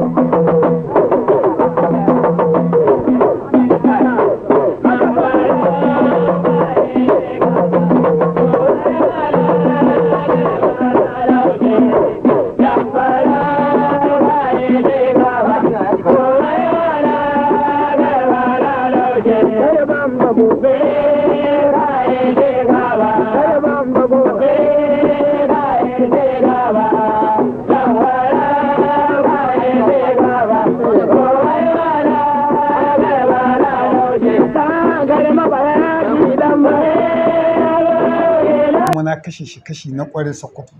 Música kashe shi kashi na ƙware sakkwato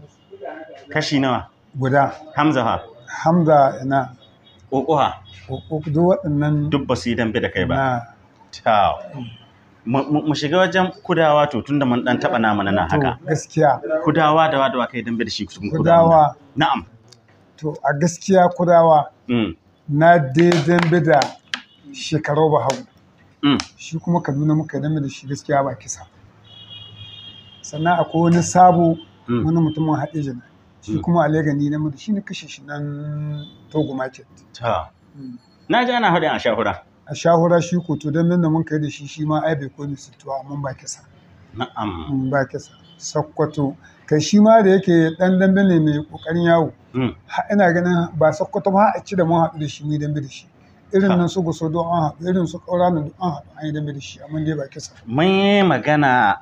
kashi nawa guda hamza ha hamza na ƙoƙuha duk waɗannan duk ba su yi dambe da kai ba mu shiga wajen kudawa to tun da mun dan taba nama nan haka gaskiya kudawa da wa wa kai dambe da shi kudawa na'am to a gaskiya kudawa mm. na dai dambe da shekaru ba hau mm. shi kuma kaduna muka dambe da shi gaskiya ba kisa sannan akwai wani sabo hmm. wani mutumin haɗe shi hmm. kuma legani na mutu shi ne kashe shi nan togo market hmm. na ji ana haɗin a shahura a shahura shi ko to don nuna mun kai da shi shi ma ai bai komi situwa mun ba kisa na'am ba kisa sakkwato kai shi ma da yake dan dambe ne mai kokarin yawo ina ganin ba sakkwato ba a ci da mun haɗu da shi mu dambe da shi irin nan su gusa don an haɗu irin su ƙaura don an haɗu an yi dambe da shi amma dai ba kisa mun yi magana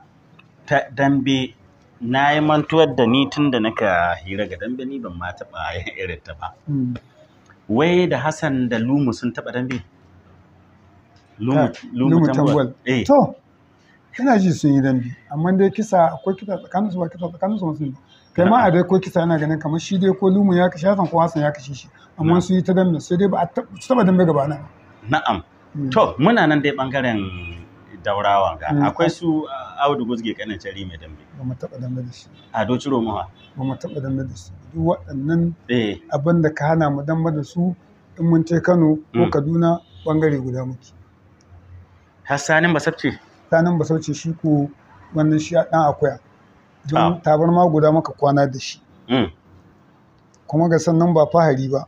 ta dambe na yi mantuwar da ni tun da naka hira ga dambe ni ban ma taɓa irin ta ba hmm. wai da hassan da lumu sun taɓa dambe lumu tambal eh to ina ji sun yi dambe amma dai kisa akwai kisa tsakanin su ba kisa tsakanin su masu kai ma a dai ko kisa yana ganin kamar shi dai ko lumu ya kashe hasan ko hassan ya kashe shi amma sun yi ta dambe sai dai ba a taɓa dambe gaba na na'am hmm. to muna nan dai ɓangaren. daurawa ga mm. akwai su uh, audu guzge kanan cari mai dambe ba mu taba dambe da shi a doci romawa ba mu taba dambe da shi duk waɗannan eh. abin da ka hana mu dambe da su in mun ce kano ko mm. kaduna bangare guda muke har sanin basabce sanin basabce shi ko wannan shi ɗan akuya don ah. ma guda maka kwana da shi mm. kuma ga sannan ba fahari ba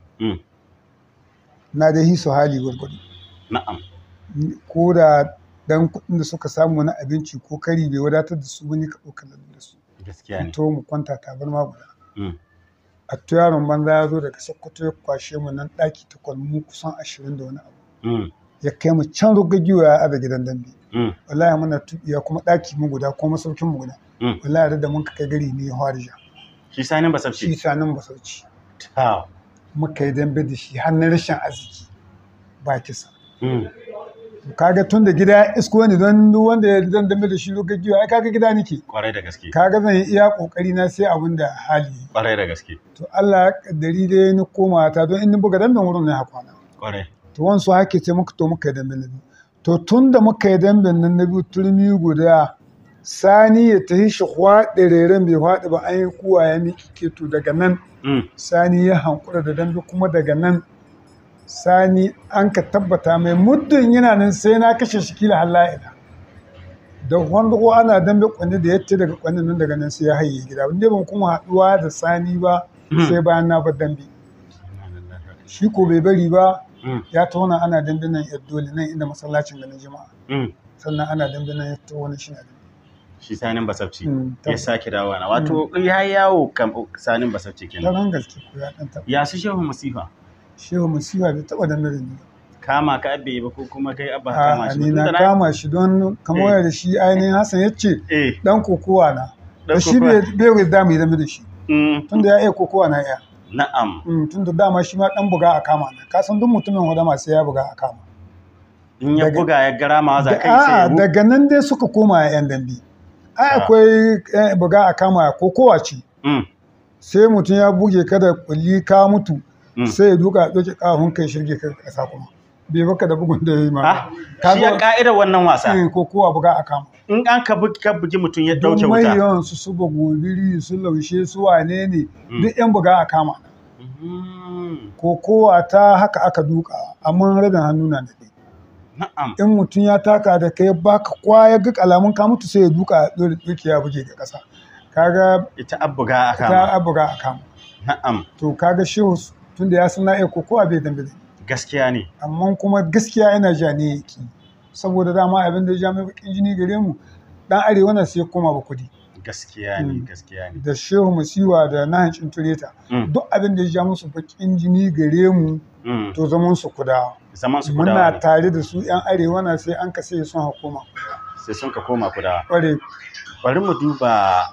na da hisu hali gwargwado na'am ko da dan kuɗin da suka samu na abinci ko kari bai wadatar da su wani ka ɗaukar da su gaskiya ne to mu kwanta tabarma guda mm. a yaron banza ya zo daga sokoto ya kwashe mu nan ɗaki takwas mu kusan ashirin da wani abu mm. ya kai mu can rugagiwa ya ga gidan dambe mm. wallahi muna tuɓiya kuma ɗaki mu guda ko masaukin mu guda wallahi da mun kai gari ne harija shi sanin basauci shi sanin basauci muka yi dambe da shi har na rashin arziki ba kisa kaga tun da gida isko ne don wanda ya zan dame da shi lokacin giwa ai kaga gida nake kwarai da gaske kaga zan iya kokari na sai abin da hali kwarai da gaske to Allah dari dai ni koma ta don in ni buga dambe wurin ne hakwana kwarai to wansu hake ce muka to muka yi dambe na biyu to tun da muka yi dambe nan na biyu turmi guda sani ya yi shi kwaɗe reren bai kwaɗe ba an yi kuwa ya miƙe to daga nan mm. sani ya hankura da dambe kuma daga nan sani an ka tabbata mai muddin yana nan sai na kashe shi kila hala'ila da wanda ko ana dambe kwanne da yace daga kwanne nan daga nan sai ya haye gida inda ban kuma haduwa da sani ba hmm. sai bayan na bar dambe shi ko bai bari ba hmm. ya tona ana dambe nan yar dole nan inda masallacin ganin jama'a hmm. sannan ana dambe nan ya tona shi na dambe shi sanin basabci ya sake dawana wato ya yawo kan sanin basabci kenan ya su shehu masifa shehu musiba bai taɓa da mare ne kama ka abbe ba ko kuma kai abba ha kama shi ni na kama shi don kamar eh. da shi ainihin Hassan ya ce dan eh. kokowa na da shi bai bai da mai da shi mm. tunda ya iya kokowa na iya na'am mm, tunda dama shi ma dan buga a kama na ka san duk mutumin wadama sai ya buga a kama in ya buga ya gara ma za kai sai a daga nan dai suka koma yan dambi ai ah. akwai eh, buga a kama kokowa ce mm. sai mutum ya buge kada kulli ka mutu Mm. sai ya duka doke kahun kai shirge kai kasa kuma bai baka da bugun da ya yi ma ah, ka ga ka'ida wannan wasa eh, ko kowa buga a kama in an ka bugi ka bugi mutum ya dauke wuta don yawan su suba gobiri su laushe su wane ne mm. duk yan buga a kama mm. ko kowa ta haka aka duka amma rabin hannu na Na'am. in mutum ya taka da kai baka kwaya duk alamun ka mutu sai ya duka duki ya buge ga kasa kaga ita abuga a kama ita abuga a kama na'am to kaga shi tunda ya san na iya kokowa bai dambe da gaskiya ne amma kuma gaskiya yana ja ne yaki saboda dama abin da ya ja bakin jini gare mu dan arewa na sai koma ba kudi gaskiya ne mm. gaskiya ne da shehu musiwa da nahancin tureta mm. duk abin da ya ja musu bakin jini gare mu mm. to zaman su kuda zaman su kuda muna tare da su yan arewa na sai an kase sun hakoma sai sun ka koma kuda kware bari mu duba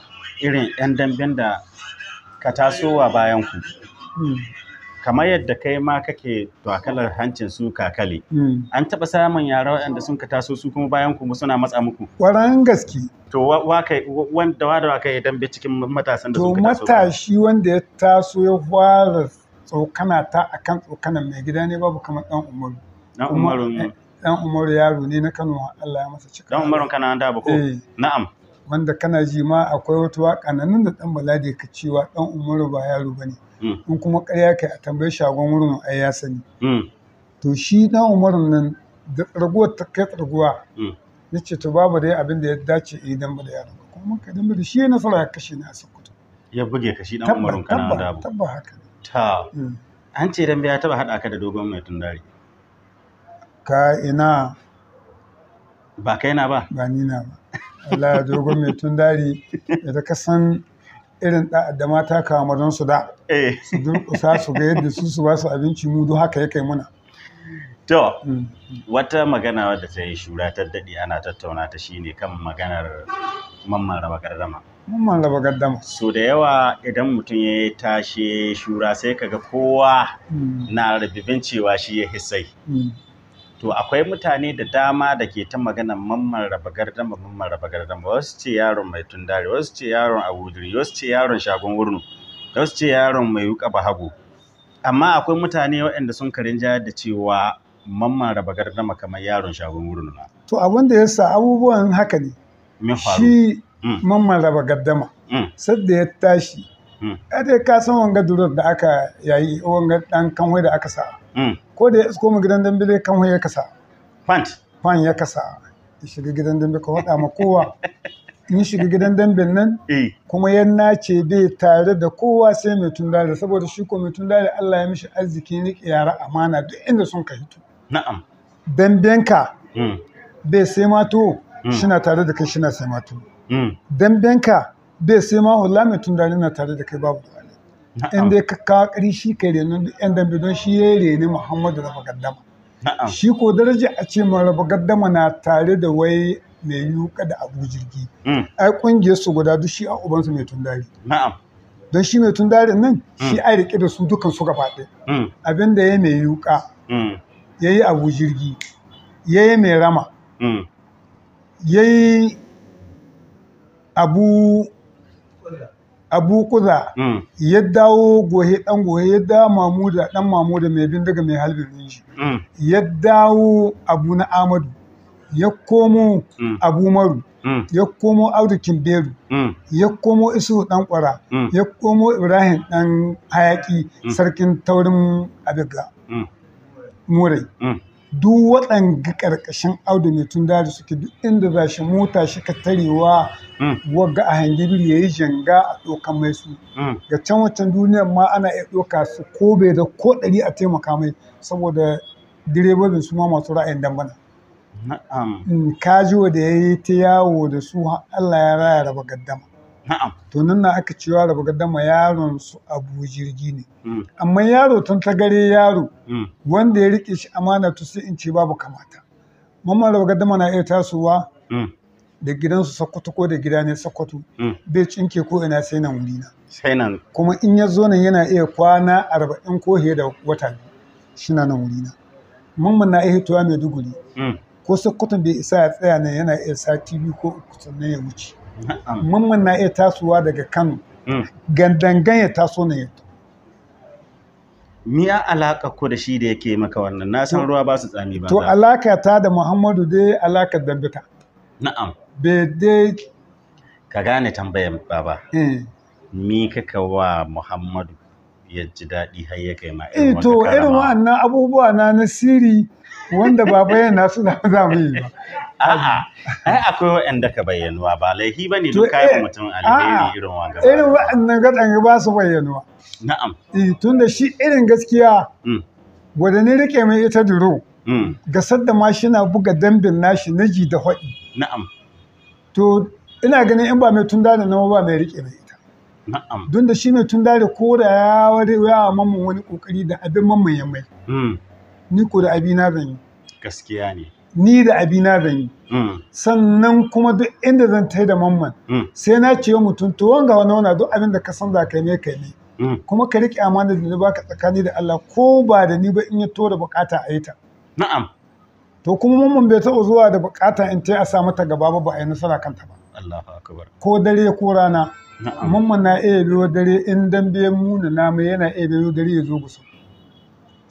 irin yan damben da ka tasowa bayan ku kamar yadda kai ma kake tuwakalar hancin su kakali hmm. an taɓa samun yara waɗanda sun ka taso su kuma bayan kuma suna matsa muku ƙwaran gaske to wanda wada waka ya dambe cikin matasan da sun ka taso to matashi wanda ya taso ya fara tsokana ta akan tsokanan mai gida ne babu kamar dan umaru dan umaru dan umaru yaro ne na Kano Allah ya masa cika dan umaru kana da ba ko eh. na'am wanda kana ji ma akwai wata waka nan da dan bala da yake cewa dan umaru ba yaro bane hmm. in kuma ƙarya kai a tambayi shagon wurin ai ya sani hmm. to shi dan umaru nan da raguwar ta kai raguwa hmm. ya ce to babu dai abin da ya dace yi dan bala yaro kuma mun kai dan bala shi Yana fara kashe ni a Sokoto ya buge kashi dan umaru kana da abu tabba haka ta an ce dan ya taba hada ka da dogon mai tundari ka ina ba kai na ba ba ni na ba Allah ya dogon mai tun dari. da ka san irin da mata kawo mazan su da eh. su durƙusa su ga yadda su su ba su abinci mu duk haka ya kai muna to mm. wata magana wadda ta yi shura ta daɗe ana tattauna ta shine kan maganar mamman raba gardama mamman raba gardama so da yawa idan mutum ya tashi shura sai kaga kowa mm. na rabibin cewa shi ya hisai mm. to akwai mutane da dama da ke ta magana mamman raba gardama mamman raba gardama wasu ce yaron mai tundare wasu ce yaron abudiri wasu ce yaron shagon wurnu wasu ce yaron mai wuka ba hagu, amma akwai mutane waɗanda sun karin jaya da cewa mamman raba gardama kamar yaron shagon wurnu na to abin da sa abubuwan haka ne shi mm. mamman raba gardama mm. sadda ya tashi mm. a ka san wanga durar da aka yayi wanga dan kanwai da aka sa Mm. ko da ya isko mu gidan dambe kan ya kasa fant fan ya kasa ya shiga gidan dambe ka hada ma kowa in shiga gidan dambe nan eh. kuma ya nace bai tare da kowa sai mai tundare saboda shi ko mai tundare Allah ya mishi arziki riƙe yara amana duk inda sun ka hito na'am dambenka mm. bai sai mato mm. shina tare da kai shina sai mato dambenka bai sai ma hula mai tundare na tare da kai babu in dai ka kawo ƙari shi kai renon yan dambe don shi ya yi reni muhammadu raba gaddama shi ko daraja a ce ma raba gaddama na tare da wai mai yuka da abu jirgi mm. ai kungiyar su guda duk shi a ubansu mai tundari don shi mai tundarin nan mm. shi ai rike da su dukan su gaba ɗaya mm. da ya mai wuka ya yi abu jirgi ya yi mai rama ya yi abu abu kuza mm. ya dawo gohe dan gohe ya dawo mamuda dan mamuda mai bindiga mai halbin shi mm. ya dawo abu na amadu ya komo mm. abu maru ya komo audu kimberu ya komo isu dan kwara ya komo ibrahim dan hayaki sarkin taurin abiga murai duk waɗanga ƙarƙashin audu ne tun daji suke duk inda za shi mota shi ka tarewa mm. wagga a hangibir ya yi janga a ɗaukan mai su mm. ga can wancan duniyar ma ana iya ɗauka su ko bai da ko ɗari a taimaka mai saboda direbobin su ma masu ra'ayin dambana kajiwa da ya yi ta yawo da su Allah ya raya raba gaddama na'am to nan na aka cewa raba dama yaron su abu jirgi ne mm. amma yaro tun ta gare yaro mm. wanda ya rike shi amana to sai in ce babu kamata mamman raba dama na iya tasowa mm. da gidansu sakkwato ko da gida ne sakkwato bai cinke ko ina sai nan wuri na sai nan kuma in ya zo nan yana iya kwana arba'in ko da wata shi na nan wuri na mamman na iya hitowa Maiduguri ko sakkwato bai isa ya tsaya nan yana iya sati biyu ko uku sannan ya wuce mamman na iya tasowa daga kano mm. gandangan ya taso ne ni a alaka ko da shi da yake maka wannan na san ruwa ba su tsami ba to alaka ta da muhammadu dai alaka dambika na'am be dai ka gane tambayar baba eh. mi kaka wa muhammadu ya ji daɗi har ya kai ma irin eh, to irin wa'annan abubuwa na na sirri wanda ba bayyana su da za mu yi ba a'a ai akwai wa'anda ka bayyanuwa ba laifi ne duk kai eh, mutum alheri irin gaba. irin waɗannan gadan ba su bayyanuwa na'am eh, tunda shi irin gaskiya mm. wadda ne rike mai ita duro gasar da mm. ma shi na buga dambin nashi na ji da haɗi na'am to ina ganin in ba mai tun da nawa ba mai rike mai ita na'am Dun da shi mai tun da kora ya wari wa mamman wani kokari da abin mamman ya mai mm. ni ko da abina ban yi gaskiya ne ni da abina ban yi mm. sannan kuma duk inda zan tai da mamman mm. sai na ce mutum to wanga wani wana duk abin da ka san da kai ne kai ne mm. kuma ka riƙe amana da baka tsakani da Allah ko ba da ni ba in ya tora bukata a yi ta na'am to kuma mamman bai taɓa zuwa da bukata in ta a sa mata gaba ba ba a yi nasara kanta ba Allah akbar ko dare ko rana mamman na iya biyo dare in dambe muna na mai yana iya biyo dare ya zo gusa.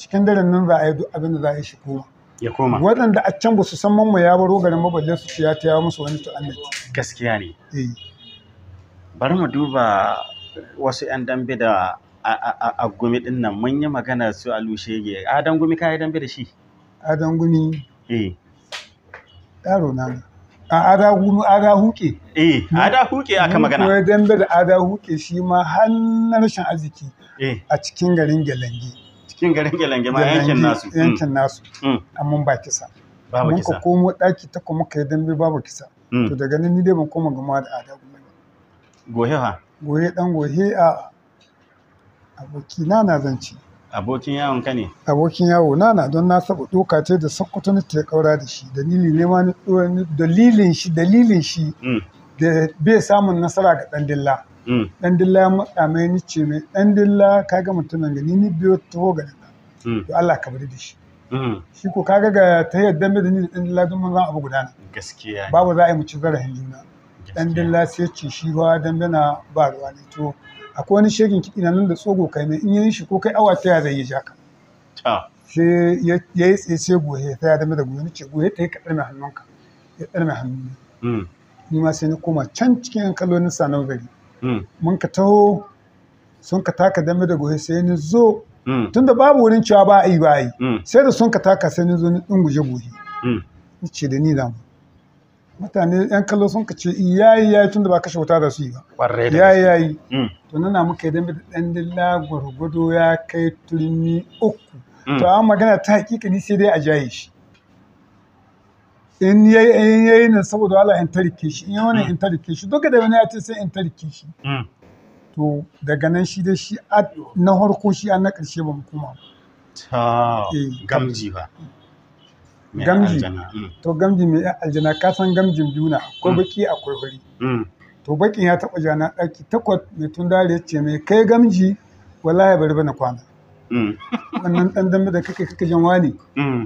cikin daren nan za a yi duk abin da za a yi shi koma ya koma waɗanda a can ba su san mamma ya baro garin maballe su ya ta yawo musu wani ta'annati gaskiya ne eh. bari mu duba wasu 'yan dambe da a gumi din nan mun yi magana su a lushege adan gumi ka yi dambe da shi adan gumi eh yaro na a ada gumi ada huke eh ada huke aka magana mun dambe da ada huke shi ma har na rashin arziki eh. a cikin garin Gelenge. cikin garin gelenge ma yankin nasu mm. yankin nasu mm. amma ba kisa babu kisa mun komo daki ta kuma kai dambe babu kisa mm. to daga nan ni dai ban koma gama da adabu ba gohe ha gohe dan gohe a aboki na na zanci abokin yawon ka ne abokin yawo na na don na saba doka ce da sakkwato ta ta kaura da shi dalili ne ma dalilin shi dalilin shi da bai samun nasara ga dan dilla Mm. dan dilla ya matsa mai ni ce mai dan dilla kaga mutumin gani ni biyo to ga dilla mm. to Allah ka bari da shi mm. shi ko kaga ga ta yadda mai da ni dan dilla dun mun zan abu na. gaskiya babu za a yi mu ci zarafin juna dan dilla sai ci shi ba dan dana ba ruwa ne to akwai wani shegin kiɗi nan da tsogo kai mai in yi shi ko kai awa taya zai yi jaka sai ya yi tsaye sai gohe ta ya dame da gohe ni ce gohe ta yi kaɗar mai hannunka ya ɗar mai hannu ni ma sai na koma can cikin kalonin sanar gari Mm. mun ka taho sun ka taka dame da gohe sai ni zo mm. tunda babu wurin cewa ba yi ba yi mm. sai da sun ka taka sai ni zo ni dunguje gohe ni ce da ni damu mutane yan kallo sun ka ce yi yayi tunda ba kashe wuta da su yi ba yayi yayi to nana muka yi dame da dan dilla gwargwado ya kai turmi uku to amma magana ta hakika ni sai dai a jaye shi in yayi yi yayi nan saboda wala in tarike shi in wani in tarike shi duka da wani ya ce sai in tarike shi mm. to daga nan shi da shi na harko shi an na karshe ba kuma ta eh, gamji ba gamji mm. to gamji mai yan aljana ka san gamjin juna akwai mm. baki akwai fari to bakin ya taba jana daki takwas mai tun dare ya ce mai kai gamji Wala ya bari bana kwana wannan dan dambe da kake kake jan wani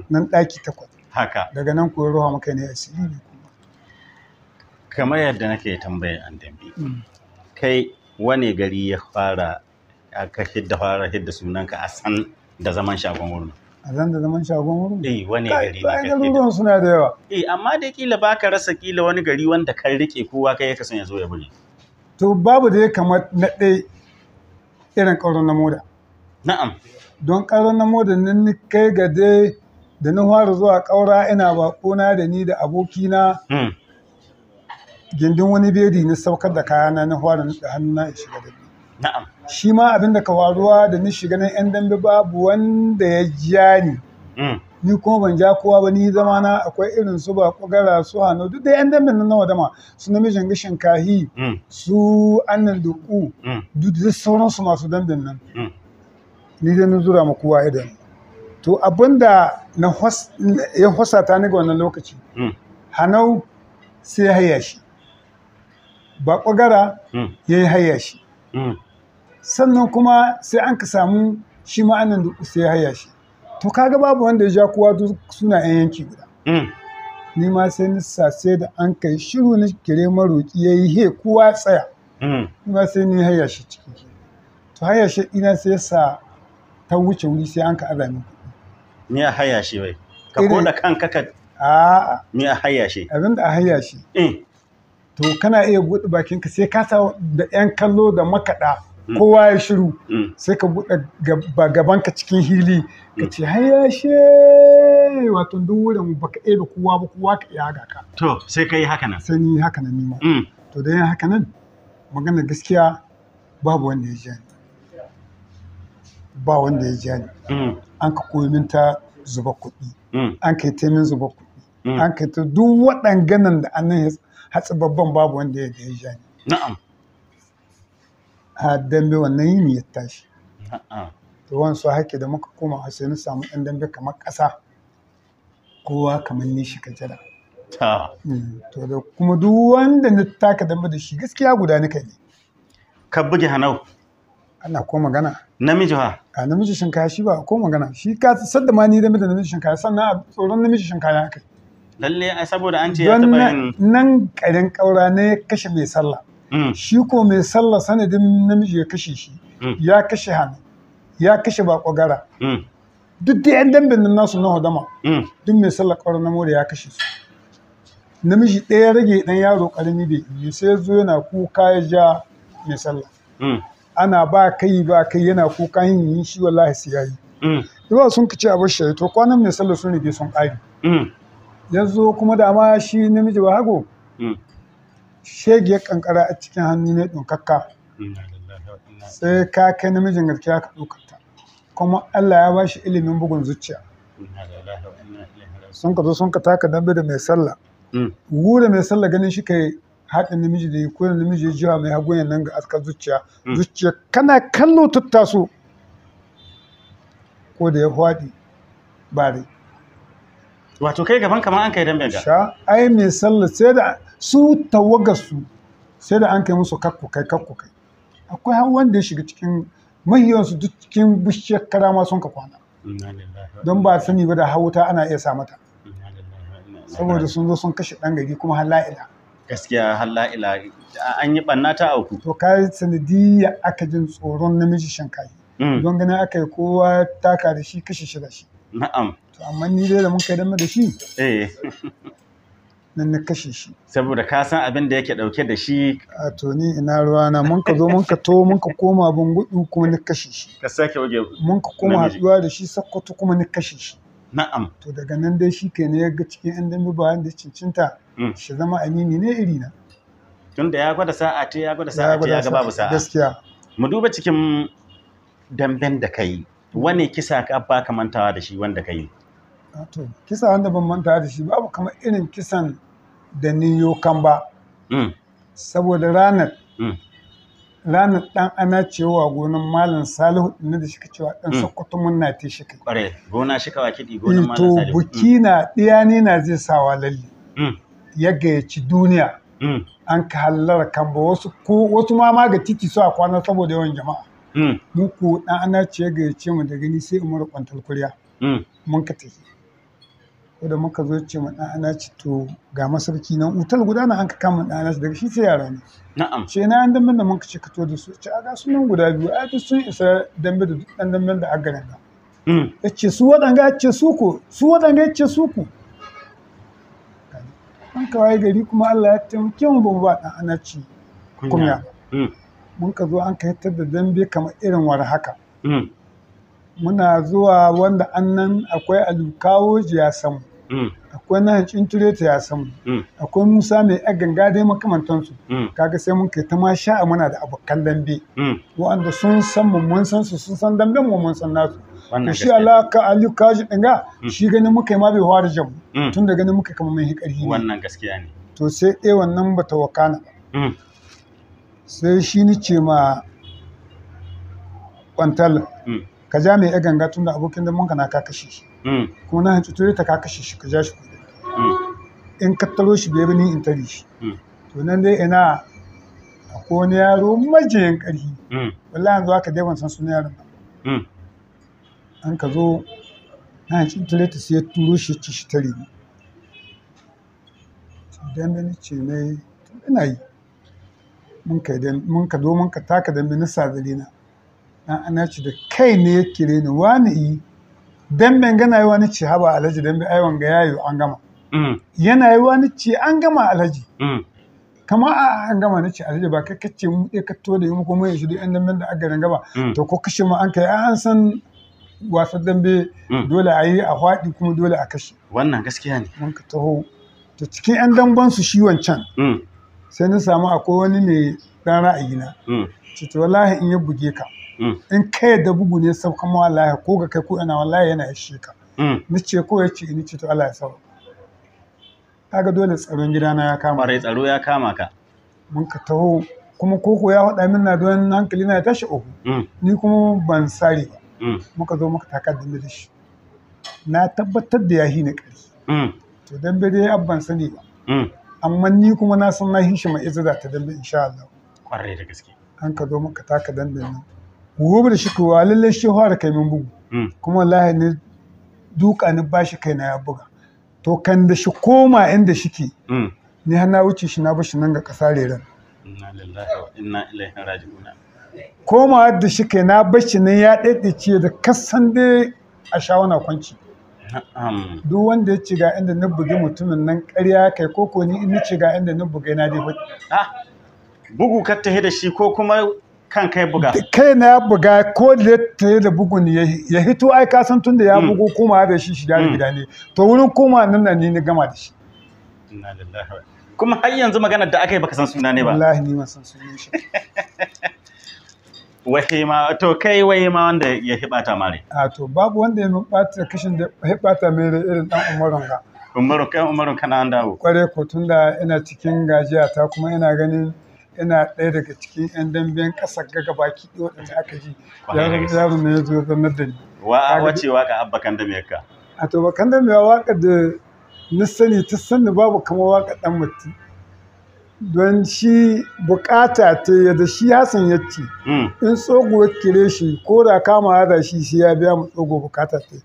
nan daki takwas haka daga nan ko ruwa maka ne asiri ne kuma kamar yadda nake tambayar an dambe mm. kai wani gari ya fara aka hidda fara hidda sunanka a san da zaman shagon wurin a zan da zaman shagon wurin eh wani gari ne kai garuruwan suna da yawa eh amma dai kila baka rasa kila wani gari wanda kan rike kowa kai ka san ya zo ya buri to babu da ya kamar na dai irin ƙauran na moda na'am don ƙauran na moda nan ni kai ga dai da na fara zuwa ƙaura ina bakona da ni da abokina hmm. gindin wani bedi na saukar da kayana na fara da hannuna in shiga da Na'am. Shi ma abin da ka faruwa da ni shiga na 'yan dambe babu wanda ya ja ni. Hmm. Ni kuma ban ja kowa ba ni zama na akwai irin su ba kogara su hannu. duk da 'yan dambe nan na wadama su namijin gishin kahi hmm. su annan duku duk da sauransu masu dambin nan. Ni dai ni zura ma kowa idan. To abin da ya ta ni ga wannan lokaci hmm. hanau sai ya haya shi ba hmm. ya yi haya shi hmm. sannan kuma sai an ka samu shi ma'anin da sai ya haya shi to kaga babu wanda ya ja kowa duk suna yan yanki guda ni ma sai ni sase da an kai shiru ni kire maroki ya yi he kowa tsaya ni ma sai ni haya shi ciki to haya shi ina sai sa ta wuce wuri sai an ka azami me a haya shi bai ka koda kanka ka a'a me a haya shi abin da a haya shi eh. to kana iya buɗe bakin ka sai ka sa da yan kallo da makaɗa hmm. kowa ya shiru hmm. sai ka buɗe gaban ka cikin hili ka hmm. ce haya shi wato duk wurin baka da kowa ba kowa ka iya haka ka to sai ka yi haka nan sai ni haka nan ma. to da yin haka nan magana gaskiya babu wanda ya ji ba wanda ya ji ni an ka koyi min ta zuba kuɗi mm. an ka yi ta min zuba kuɗi mm. an ka ta duk waɗanganan da annan hatsi babban babu wanda ya yi jani na'am a dambe wannan yini ya tashi to wansu haƙƙi da muka koma a sai na samu ɗan dambe kamar ƙasa kowa kamar nishi shi ka jira mm. to da kuma duk wanda na taka dambe da shi gaskiya guda kai ne ka buge hanau Ana ko magana namiji ha a namiji shinkaya shi ba ko magana shi ka sadda ma ni da namiji shinkaya sannan tsoron namiji shinkaya kai lalle ai saboda an ce ya taɓa yin nan ƙarin ƙaura ne ya kashe mai sallah mm. shi ko mai sallah sanadin namiji ya kashe shi mm. ya kashe hannu ya kashe baƙo Gara, mm. duk da yan dambin nan nasu na hodama duk mai sallah ƙaura na more ya kashe su namiji ɗaya rage ɗan yaro ƙarami bai yi sai ya zo yana kuka ya ja mai sallah ana ba kai ba kai yana kuka yin shi wallahi sai yayi mm. yawa sun kace abu shi to kwanan mai sallah sun rige sun ƙari mm. yanzu kuma da ma shi namiji ba hago mm. ya kankara a cikin hannu ne kakka sai ka kai namijin gaskiya ka ɗaukata kuma Allah ya bashi ilimin bugun zuciya sun ka zo sun ka taka dambe da mai sallah wu da mai sallah ganin shi kai haɗin namiji da ko namiji ya jiwa mai hagun nan ga askar zuciya hmm. zuciya kana kallo tattaso ko da ya faɗi bare wato kai gaban kamar an kai dambe ga sha ai mai sallah sai da su tawaga su sai da an kai musu kakku kai kakku kai akwai har wanda ya shiga cikin mahiyan su duk cikin bishiyar karama sun ka kwana don ba sani ba da hauta ana iya sa mata saboda sun zo sun kashe dan gari kuma har la'ila gaskiya halla ila an yi banna ta auku to kai sanadiyya aka jin tsoron namiji shankai mm. don ganin aka yi kowa taka da shi kashe shi da shi na'am to amma ni dai da mun kai dama da shi eh nan na kashe shi saboda ka san abin da yake dauke da shi a to ni ina ruwa na mun ka zo mun ka to mun ka koma bungudu kuma na kashe shi ka sake wuge mun ka koma haduwa da shi sakkwato kuma na kashe shi Na'am. To daga nan dai shi kenan ya ga cikin ‘yan dambe bayan da cincinta mm. shi zama amini ne iri na. Tunda ya gwada sa'a ce ya gwada sa'a ce ya ga babu sa'a. Gaskiya. Mu duba cikin damben da kai wane kisa ka ba ka mantawa da shi wanda ka yi. To kisa wanda ban mantawa da shi babu kamar irin kisan da ni yo kan ba. Mm. Saboda ranar mm. lanin dan ana cewa gonan malam salihu ne da shika cewa dan mm. sokoto mun na ta shika kware gona shika wa kidi gonan eh, malam salihu to buki mm. na diya ne na zai sawa lalle mm. ya gayyaci duniya an ka hallar kan ba wasu ko wasu ma ma ga titi su a kwana saboda yawan jama'a muku dan ana ce ya gayyace mu da gani sai umar kwantal kurya mun ka tafi da muka zo ce ma ɗana ci to ga masarki nan utal guda na an ka kama ɗana ci daga shi sai yara ne na'am ce na an dambe da mun ka ce ka to da su ce a ga sunan guda biyu a duk sun isa dambe da ɗan dambe da aga nan mm. ya ce su waɗanga ya ce su ko su waɗanga ya ce su ko an kawai gari kuma Allah ya taimake mu ba mu ba ɗana ci kunya mm. mun ka zo an ka hitar da dambe kamar irin war haka mm. muna zuwa wanda annan akwai alukawo ya samu Mm. akwai nan cin tureta ya samu mm. akwai musa mai yan ganga dai makamantansu mm. kaga sai mun kai ta ma a muna da abokan dambe wanda sun san mu mun san su sun san damben mu mun san nasu to shi alaka aliyu kaji dinga shi ganin muka yi ma bai fara jam tun da ganin muka kama mai hikari wannan gaskiya ne to sai eh wannan ta wakana sai shi ni ce ma kwantal ka ja mai yan ganga tun da abokin damben ka na ka kashe shi Mm. kuma na hanci tare ta ka kashe shi ka ja shi kuɗi mm. in ka taro shi bai ni in tare shi mm. to nan dai ina a kone yaro majiyin ƙarfi Wala yanzu aka dai ban san sunan yaron ba an ka zo na hanci tare ta sai turo shi ci shi tare ne dambe da ce mai ina yi mun ka zo mun ka taka da minista sazari na ana ce da kai ne ya kire ni wani yi damben gana yi wani ci haba alhaji dambe ai ga yayo an gama mm. yana yi wani ci an gama alhaji mm. kama a an gama na ce alhaji ba kai kacce mu dai kato da yi muku mai shi duk yan dambe da aka gaba mm. to ko kashe mu an kai an san wasan dambe dole a yi a faɗi kuma dole a kashe wannan gaskiya ne mun ka taho to cikin yan damben su shi wancan sai na samu akwai wani mai rana ra'ayi na Cutuwa to in ya buge ka Mm. in ka yadda bugu ne sau kama wallahi ko ga kai ko ina wallahi yana ishe ka mm. ni ce ko ya ce ni ce to Allah ya sauka kaga dole tsaron gidana ya kama Bare tsaro ya kama ka mun ka taho kuma koko ya faɗa min na don hankali na ya tashi uku mm. ni kuma ban sare ba muka zo muka taka da shi na tabbatar da ya hina ƙari to dan bai dai abban sani ba amma ni kuma na san na hishi mai izza ta dambe insha Allah kwarai da gaske an ka zo muka taka dambe nan gobe da shikowa lallai shi fara kai min bugu hmm. kuma wallahi ne duka ni bashi kai na ya buga to kan da shi koma inda shike hmm. ni har na wuce shi na bashi nan ga kasa reran inna lillahi wa inna ilaihi raji'un koma da shi kai na bashi nan ya dade ce da kasan dai a shawana kwanci duk wanda ya ci ga inda na bugi mutumin nan ƙarya kai koko ko ni in ci ga inda na bugi na dai ah, bugu ka tahe da shi ko kuma kan kai buga kai na ya buga ko da da bugun ya hito ai ka san tunda ya mm. bugo koma da shi shiga da mm. gida ne to wurin koma nan nan ne gama da shi inna lillahi kuma har yanzu maganar da aka yi baka san suna ne ba wallahi ni ma san suna shi wahi ma to kai wahi ma wanda ya hibata mare a to babu wanda ya hibata kashin da hibata mare irin dan umarun ga umarun kai umarun kana an dawo kware ko tunda ina cikin gajiya ta kuma ina ganin Ina ɗaya daga cikin 'yan damben ƙasar gaga baki ɗaya waɗanda aka ji yaro ne ya zo zama da ni. Wa wace waka abba kan da ka? A to bakan da mai waka da na sani ta sani babu kama waka ɗan mutum. Don shi bukata ta yadda shi Hassan ya ce hmm. in tsogo ya kire shi ko da kama da shi sai ya biya mu tsogo bukata ta.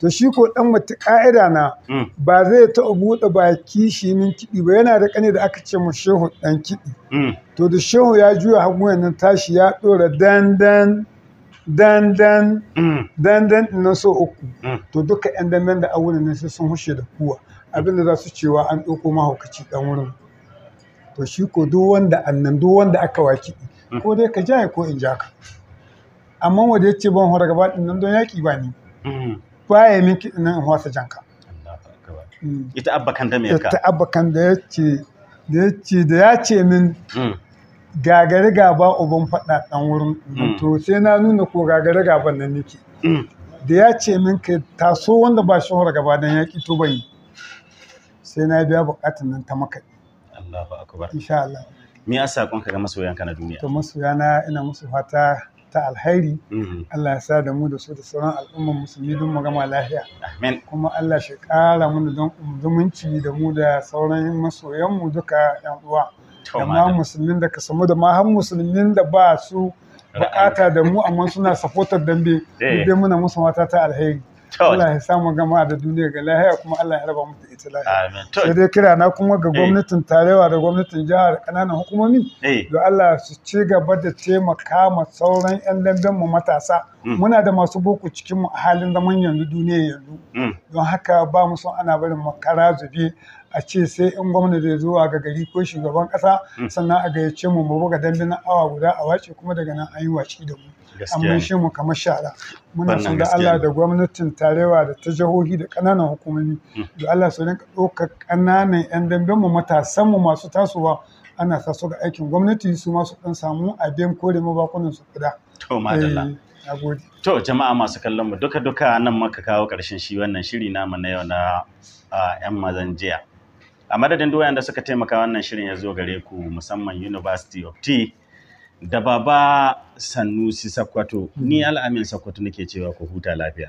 to shi ko dan mata ka'ida na mm. ba zai taɓa buɗe baki shi min kiɗi ba yana da kani da aka ce mu shehu dan kiɗi mm. to da shehu ya juya hagu nan tashi ya ɗora dandan dandan dandan mm. na so uku to duka yan damben da awunan nan sai sun hushe da kuwa abinda za su cewa an ɗauko mahaukaci dan wurin to shi ko duk wanda annan duk wanda aka waki ko dai ka jaye ko in ja ka amma wanda ya ce ban hora gaba ɗin don yaƙi ba ni waye min ki nan in janka mm. ita abba kanta me ka ita abba kan da yace da ya ce da ya ce min mm. gagare gaba uban fada dan wurin mm. to sai na nuna ko gagare gaban nan nake da ya ce min ka taso wanda ba shi hora gaba dan yaki to bai sai na biya bukatun nan ta maka Allahu akbar insha Allah me yasa sakon ka ga masoyanka na duniya to masoyana ina musu fata ta alhairi mhm. Allah ya sa da mu da su da sauran al'umman musulmi don mu gama lafiya kuma Allah shi kara mana don zumunci da mu da sauran masoyan mu duka yan uwa da ma musulmin da ka samu da ma har musulmin da ba su bukata da mu amma suna supportar dambe eh. dai muna musu mata ta alheri Allah ya samu gama da duniya ga lahiya kuma Allah ya raba mutu ita lahiya. Sai dai kira na kuma ga eh. gwamnatin tarewa da gwamnatin jihar kananan hukumomi. Eh. Da Allah su ci gaba da taimaka ma sauran 'yan damben mu matasa. Hmm. Muna da masu boko cikin mu a halin zaman yanzu duniya yanzu. Hmm. Don haka ba mu son ana barin makara zube a ce sai in gwamna zai zo ga gari ko shugaban kasa hmm. sannan a gayyace mu mu buga dambe na awa guda a wace kuma daga nan an yi wace da mu amma shi mu kamar shara muna so da Allah da gwamnatin tarewa da ta jihohi da kananan hukumomi hmm. da Allah su rinka ɗaukar kananan 'yan damben mu matasan mu masu tasowa ana sa su ga aikin gwamnati su ma su ɗan samu abin kore ma bakunan su kuda. To madalla. Eh, to jama'a masu kallon mu duka-duka nan maka kawo ƙarshen shi wannan shiri namu na yau na 'yan ah, mazan jiya. a madadin doyan da suka taimaka wannan shirin ya zo gare ku musamman university of T da baba Sannusi sakwato ni al'amin sakwato nake cewa ku huta lafiya